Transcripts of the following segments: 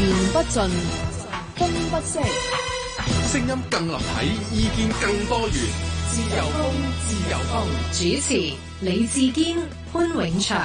言不盡，風不息，聲音更立體，意見更多元。自由風，自由風。主持：李志堅、潘永祥。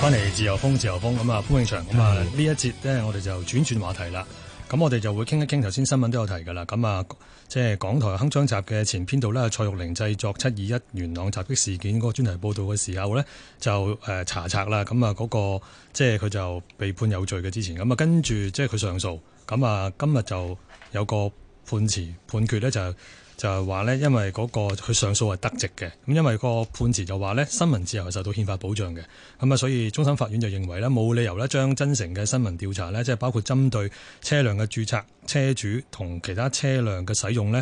翻嚟自由風，自由風。咁啊，潘永祥。咁啊，呢一節咧，我哋就轉轉話題啦。咁我哋就會傾一傾，頭先新聞都有提噶啦。咁啊，即係港台《鏗鏘集》嘅前編導呢，蔡玉玲製作《七二一元朗襲擊事件》嗰個專題報導嘅時候呢，就查冊啦。咁啊，嗰個即係佢就被判有罪嘅之前。咁啊，跟住即係佢上訴。咁啊，今日就有個判詞判決呢，就。就係話呢，因為嗰個佢上訴係得值嘅，咁因為個判詞就話呢，新聞自由係受到憲法保障嘅，咁啊，所以終審法院就認為呢，冇理由呢將真誠嘅新聞調查呢，即係包括針對車輛嘅註冊、車主同其他車輛嘅使用呢。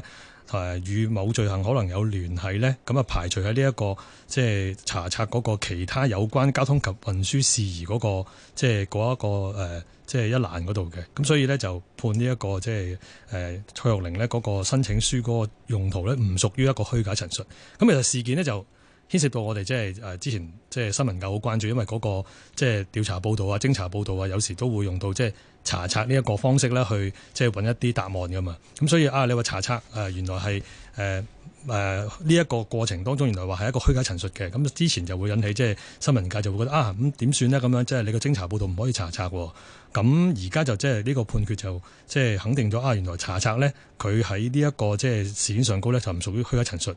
係與某罪行可能有聯繫呢，咁啊排除喺呢一個即係、就是、查冊嗰個其他有關交通及運輸事宜嗰、那個即係嗰一個即係、呃就是、一欄嗰度嘅，咁所以呢、這個，就判呢一個即係誒蔡玉玲呢嗰個申請書嗰個用途呢，唔屬於一個虛假陳述，咁其實事件呢，就。牽涉到我哋即係誒之前即係新聞界好關注，因為嗰個即係調查報導啊、偵查報導啊，有時都會用到即係查冊呢一個方式咧，去即係揾一啲答案噶嘛。咁所以啊，你話查冊誒，原來係誒。誒呢一個過程當中，原來話係一個虛假陳述嘅，咁之前就會引起即係新聞界就會覺得啊，咁點算呢？咁樣即係你個偵查報道唔可以查冊喎、哦。咁而家就即係呢個判決就即係肯定咗啊，原來查冊呢，佢喺呢一個即係事件上高呢，就唔屬於虛假陳述。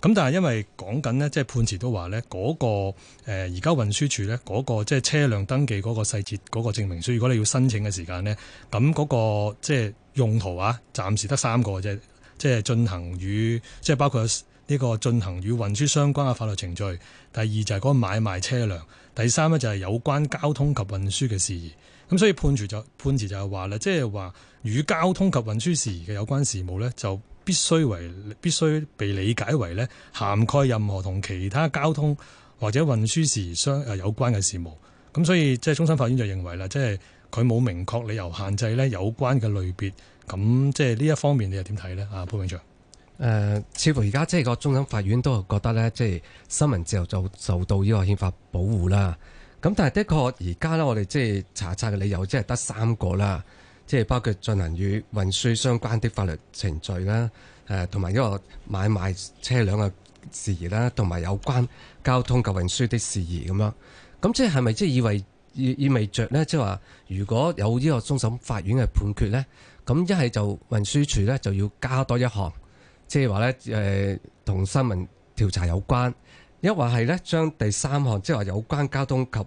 咁但係因為講緊呢，即係判詞都話呢嗰個而家運輸處呢，嗰、那個即係車輛登記嗰個細節嗰個證明書，所以如果你要申請嘅時間呢，咁、那、嗰個即係用途啊，暫時得三個啫。即係進行與即係包括呢個進行與運輸相關嘅法律程序。第二就係嗰個買賣車輛。第三呢，就係有關交通及運輸嘅事宜。咁所以判決就判詞就係話咧，即係話與交通及運輸事宜嘅有關事務呢，就必須為必須被理解為呢，涵蓋任何同其他交通或者運輸事宜相誒有關嘅事務。咁所以即係終審法院就認為啦，即係。佢冇明確理由限制呢有關嘅類別，咁即係呢一方面你又點睇呢？啊，潘永祥，誒、呃，似乎而家即係個終審法院都係覺得咧，即係新聞自由就受到呢個憲法保護啦。咁但係的確而家咧，我哋即係查冊嘅理由即係得三個啦，即係包括進行與運輸相關的法律程序啦，誒、呃，同埋一個買賣車輛嘅事宜啦，同埋有，有關交通及運輸的事宜咁樣。咁即係係咪即係以為？意意味著咧，即係話，如果有呢個終審法院嘅判決咧，咁一係就運輸署咧就要加多一項，即係話咧，誒、呃、同新聞調查有關；抑或係咧將第三項，即係話有關交通及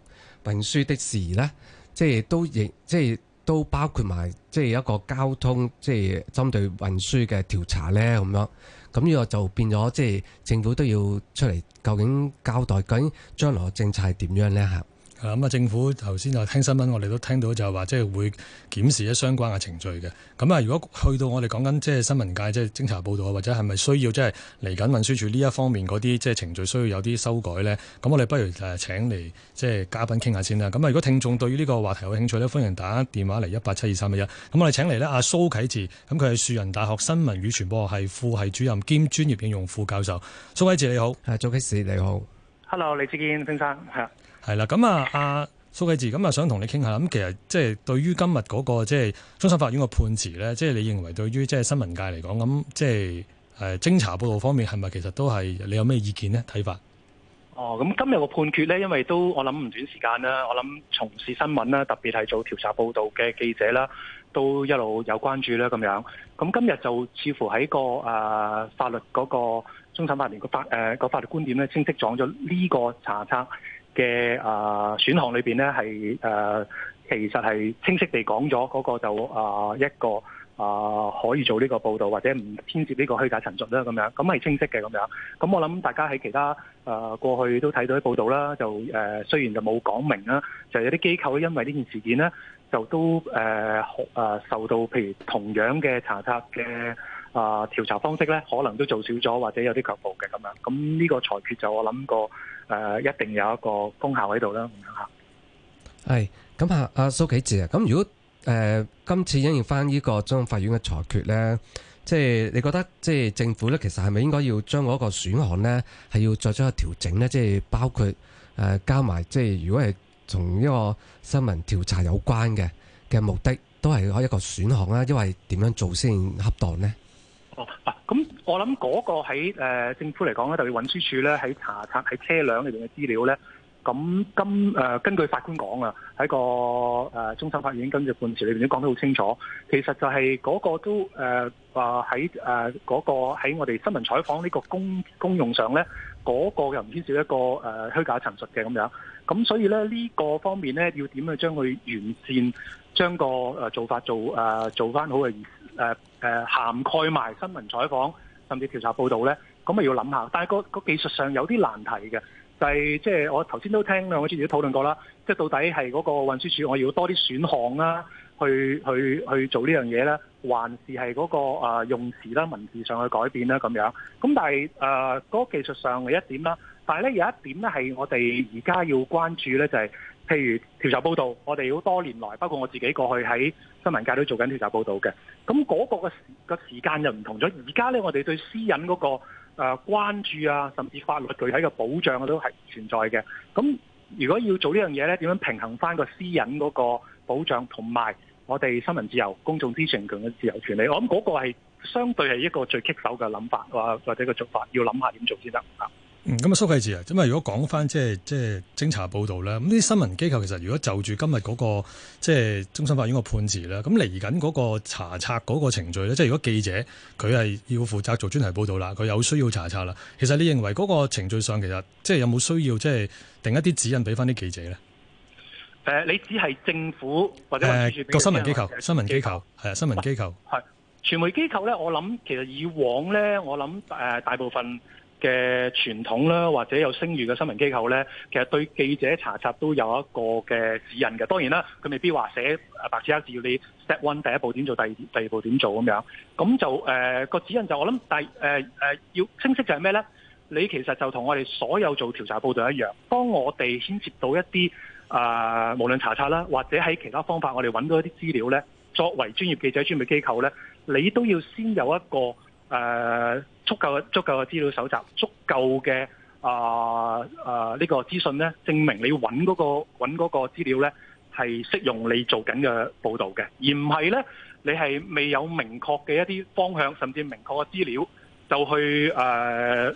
運輸的事咧，即係都亦即係都包括埋即係一個交通，即係針對運輸嘅調查咧，咁樣。咁呢個就變咗，即係政府都要出嚟，究竟交代，究竟將來嘅政策係點樣咧？嚇！咁啊，政府頭先就聽新聞，我哋都聽到就係話，即係會檢視一相關嘅程序嘅。咁啊，如果去到我哋講緊即係新聞界，即係偵查報道啊，或者係咪需要即係嚟緊運輸署呢一方面嗰啲即係程序需要有啲修改咧？咁我哋不如誒請嚟即係嘉賓傾下先啦。咁啊，如果聽眾對於呢個話題有興趣咧，歡迎打電話嚟一八七二三一一。咁我哋請嚟咧阿蘇啟智，咁佢係樹仁大學新聞與傳播學系副系主任兼專業應用副教授。蘇啟智你好，誒蘇啟你好，Hello 李志堅先生，係啦，咁啊，阿蘇啟智，咁啊，想同你傾下咁，其實即係對於今日嗰、那個即係終審法院個判詞咧，即、就、係、是、你認為對於即係新聞界嚟講，咁即係誒偵查報道方面，係咪其實都係你有咩意見呢？睇法？哦，咁今日個判決咧，因為都我諗唔短時間啦，我諗從事新聞啦，特別係做調查報道嘅記者啦，都一路有關注啦，咁樣。咁今日就似乎喺個誒法律嗰個終審法院個法誒個、呃、法律觀點咧，清晰講咗呢個查冊。嘅誒、呃、選項裏面咧，係、呃、誒其實係清晰地講咗嗰個就啊、呃、一個啊、呃、可以做呢個報導或者唔牽涉呢個虛假陳述啦咁樣，咁係清晰嘅咁樣。咁我諗大家喺其他誒、呃、過去都睇到啲報導啦，就誒、呃、雖然就冇講明啦，就有啲機構因為呢件事件咧，就都誒、呃、受到譬如同樣嘅查冊嘅。啊，調查方式咧，可能都做少咗，或者有啲卻步嘅咁樣。咁呢個裁決就我諗過誒，一定有一個功效喺度啦。咁樣咁啊，阿蘇啟智啊，咁如果誒、呃、今次應驗翻呢個終審法院嘅裁決咧，即、就、係、是、你覺得即係、就是、政府咧，其實係咪應該要將嗰個選項咧，係要作出一個調整呢？即、就、係、是、包括誒、呃、加埋，即、就、係、是、如果係同呢個新聞調查有關嘅嘅目的，都係一個選項啦。因為點樣做先恰當呢？咁我諗嗰個喺誒政府嚟講咧，就係運輸署咧喺查冊喺車輛裏邊嘅資料咧。咁今誒根據法官講啊，喺個誒終審法院根據判詞裏邊都講得好清楚，其實就係嗰個都誒話喺誒嗰個喺我哋新聞採訪呢個功功用上咧，嗰個又唔牽涉一個誒虛假陳述嘅咁樣。咁所以咧呢個方面咧，要點去將佢完善，將個誒做法做誒做翻好嘅意思。誒、啊、誒、啊、涵蓋埋新聞採訪，甚至調查報導咧，咁咪要諗下。但係、嗰個技術上有啲難題嘅，就係即係我頭先都聽兩位主持都討論過啦。即、就、係、是、到底係嗰個運輸署，我要多啲選項啦、啊，去去去做呢樣嘢咧，還是係嗰個用詞啦、文字上去改變啦咁樣。咁但係誒嗰技術上嘅一點啦。但係咧有一點咧係我哋而家要關注咧就係、是。譬如調查報導，我哋好多年來，包括我自己過去喺新聞界都做緊調查報導嘅。咁嗰個嘅時間又唔同咗。而家呢，我哋對私隱嗰個關注啊，甚至法律具體嘅保障都係存在嘅。咁如果要做呢樣嘢呢，點樣平衡翻個私隱嗰個保障同埋我哋新聞自由、公眾知情權嘅自由權利？我諗嗰個係相對係一個最棘手嘅諗法，或或者個做法，要諗下點做先得。嗯，咁啊，蘇啟智啊，咁啊，如果講翻即係即係偵查報道啦。咁啲新聞機構其實如果就住今日嗰、那個即係、就是、中心法院終審法院個判詞啦，咁嚟緊嗰個查冊嗰個程序咧，即係如果記者佢係要負責做專題報道啦，佢有需要查冊啦，其實你認為嗰個程序上其實即係有冇需要即係定一啲指引俾翻啲記者咧？誒、呃，你只係政府或者、呃那個新聞機構？新聞機構係啊，新聞機構係、啊啊、傳媒機構咧。我諗其實以往咧，我諗誒、呃、大部分。嘅傳統啦，或者有聲譽嘅新聞機構呢，其實對記者查冊都有一個嘅指引嘅。當然啦，佢未必話寫白紙黑字要你 step one 第一步點做，第二第二步點做咁樣。咁就誒、呃那個指引就我諗第誒要清晰就係咩呢？你其實就同我哋所有做調查報道一樣，當我哋牽涉到一啲啊、呃，無論查冊啦，或者喺其他方法，我哋揾到一啲資料呢，作為專業記者、專業機構呢，你都要先有一個誒。呃足夠嘅足夠嘅資料搜集，足夠嘅啊啊呢、這個資訊咧，證明你揾嗰、那個揾嗰個資料咧係適用你做緊嘅報導嘅，而唔係咧你係未有明確嘅一啲方向，甚至明確嘅資料就去誒誒誒攬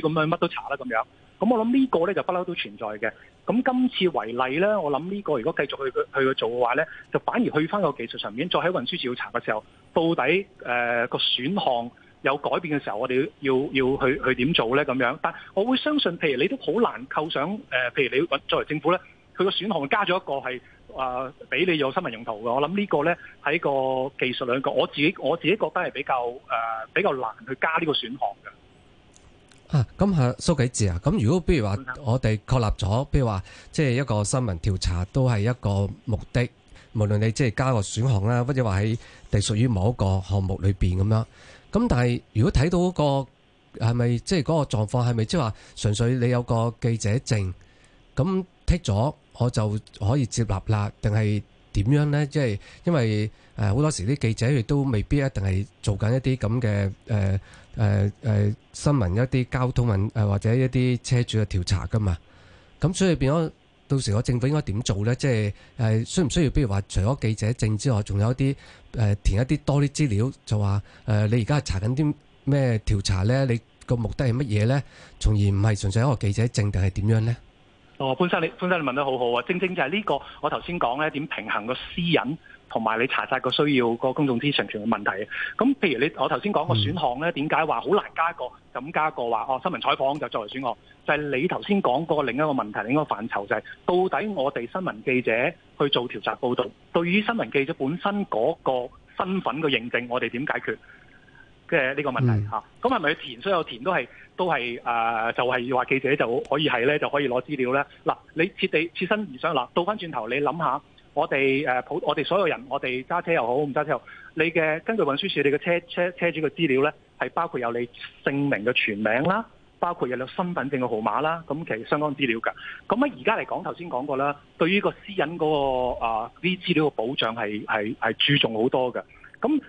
住咁樣乜都查啦咁樣。咁我諗呢個咧就不嬲都存在嘅。咁今次為例咧，我諗呢個如果繼續去去去做嘅話咧，就反而去翻個技術上面，再喺運輸署要查嘅時候，到底誒、啊、個選項。有改變嘅時候，我哋要要去去點做呢？咁樣，但係我會相信，譬如你都好難構想誒、呃。譬如你作為政府呢，佢個選項加咗一個係誒，俾、呃、你有新聞用途嘅。我諗呢個呢喺個技術兩個，我自己我自己覺得係比較誒、呃、比較難去加呢個選項嘅。啊，咁係蘇啟智啊。咁如果譬如話，我哋確立咗，譬如話即係一個新聞調查都係一個目的，無論你即係加個選項啦，或者話係隸屬於某一個項目裏邊咁樣。咁但係如果睇到嗰、那個係咪即係嗰個狀況，係咪即係話純粹你有個記者證咁剔咗，我就可以接納啦？定係點樣呢？即、就、係、是、因為誒好、呃、多時啲記者亦都未必一定係做緊一啲咁嘅誒誒誒新聞一啲交通文誒、呃、或者一啲車主嘅調查㗎嘛，咁所以變咗。到時個政府應該點做呢？即係、呃、需唔需要？比如話除咗記者證之外，仲有一啲誒、呃、填一啲多啲資料，就話、是、誒、呃、你而家查緊啲咩調查呢？你個目的係乜嘢呢？從而唔係純粹一個記者證定係點樣呢？哦，潘生你潘生你問得好好啊，正正就係呢個，我頭先講咧點平衡個私隱同埋你查冊個需要個公眾資訊權嘅問題。咁譬如你我頭先講個選項咧，點解話好難加一個就咁加個話？哦，新聞採訪就作為選項，就係、是、你頭先講個另一個問題，另一個範疇就係、是、到底我哋新聞記者去做調查報導，對於新聞記者本身嗰個身份個認證，我哋點解決？嘅呢個問題嚇，咁係咪去填所有填都係都係誒、呃，就係、要、話記者就可以係咧，就可以攞資料咧？嗱、啊，你切地切身而上想,想，嗱，倒翻轉頭你諗下，我哋誒普我哋所有人，我哋揸車又好唔揸車又好，你嘅根據運輸署你嘅車,車主嘅資料咧，係包括有你姓名嘅全名啦，包括有你身份證嘅號碼啦，咁其實相關資料㗎。咁而家嚟講，頭先講過啦，對於個私隱嗰、那個啊啲資料嘅保障係係係注重好多嘅，咁。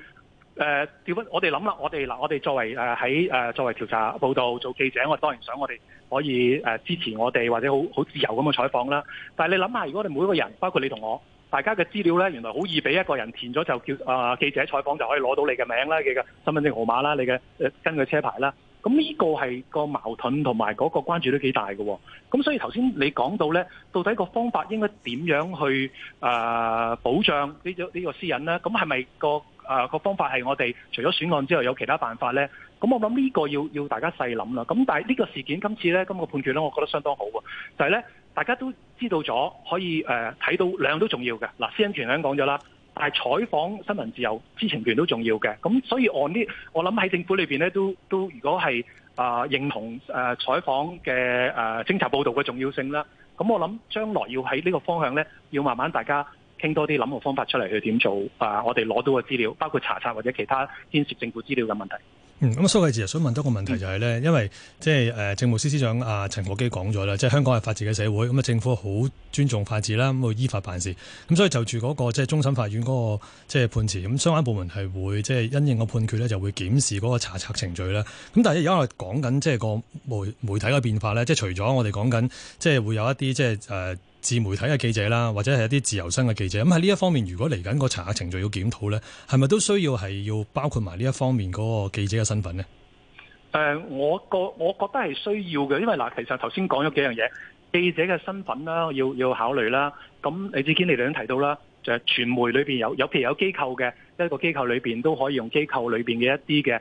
誒調翻，我哋諗啦，我哋嗱，我哋作為誒喺誒作為調查報道做記者，我當然想我哋可以誒、呃、支持我哋，或者好好自由咁嘅採訪啦。但係你諗下，如果你每一個人包括你同我，大家嘅資料咧，原來好易俾一個人填咗就叫啊、呃、記者採訪就可以攞到你嘅名啦，你嘅身份證號碼啦，你嘅跟佢車牌啦。咁呢個係個矛盾同埋嗰個關注都幾大嘅、哦。咁所以頭先你講到咧，到底個方法應該點樣去誒、呃、保障呢、這、呢、個這個私隱咧？咁係咪個？誒、啊、個方法係我哋除咗選案之外有其他辦法咧，咁我諗呢個要要大家細諗啦。咁但係呢個事件今次咧，今個判決咧，我覺得相當好喎。就係、是、咧，大家都知道咗，可以誒睇、呃、到兩樣都重要嘅。嗱、啊，私隱權已經講咗啦，但係採訪新聞自由知情權都重要嘅。咁所以按啲，我諗喺政府裏面咧，都都如果係啊、呃、認同誒、呃、採訪嘅誒偵查報導嘅重要性啦，咁我諗將來要喺呢個方向咧，要慢慢大家。傾多啲諗嘅方法出嚟去點做啊！我哋攞到嘅資料，包括查冊或者其他牽涉政府資料嘅問題。嗯，咁、嗯、蘇啟智想問多個問題就係、是、咧，因為即係誒政務司司長啊、呃、陳國基講咗啦，即、就、係、是、香港係法治嘅社會，咁、嗯、啊政府好尊重法治啦，咁、嗯、會依法辦事。咁、嗯、所以就住嗰、那個即係終審法院嗰、那個即係、就是、判詞，咁相關部門係會即係、就是、因應個判決咧，就會檢視嗰個查冊程序咧。咁、嗯、但係而家我哋講緊即係個媒媒體嘅變化咧，即、就、係、是、除咗我哋講緊即係會有一啲即係誒。就是呃自媒體嘅記者啦，或者係一啲自由身嘅記者，咁喺呢一方面，如果嚟緊個查冊程序要檢討咧，係咪都需要係要包括埋呢一方面嗰個記者嘅身份咧？誒、呃，我個我覺得係需要嘅，因為嗱，其實頭先講咗幾樣嘢，記者嘅身份啦，要要考慮啦。咁李志堅你哋都提到啦，就係、是、傳媒裏邊有有，譬如有機構嘅一個機構裏邊都可以用機構裏邊嘅一啲嘅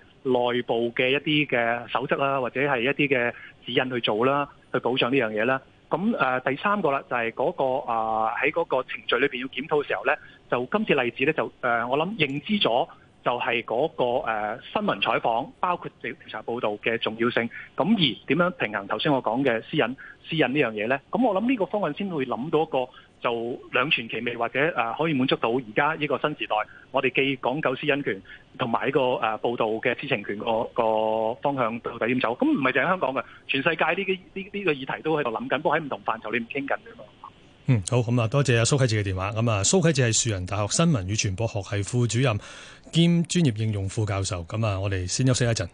內部嘅一啲嘅守則啦，或者係一啲嘅指引去做啦，去保障呢樣嘢啦。咁誒、呃、第三個啦、嗰個，就係嗰個喺嗰個程序裏邊要檢討嘅時候咧，就今次例子咧就誒、呃、我諗認知咗就係嗰、嗰個、呃、新聞採訪包括調查報導嘅重要性，咁而點樣平衡頭先我講嘅私隱私隱呢樣嘢咧？咁我諗呢個方案先會諗到一個。就兩全其美，或者誒可以滿足到而家呢個新時代，我哋既講究私隱權，同埋呢個誒報導嘅知情權個個方向到底點走？咁唔係淨係香港嘅，全世界呢啲呢呢個議題都喺度諗緊。不過喺唔同範疇，裏面傾緊嘅嘛。嗯，好咁啊，多謝阿蘇啟智嘅電話。咁啊，蘇啟智係樹仁大學新聞與傳播學系副主任兼專業應用副教授。咁啊，我哋先休息一陣。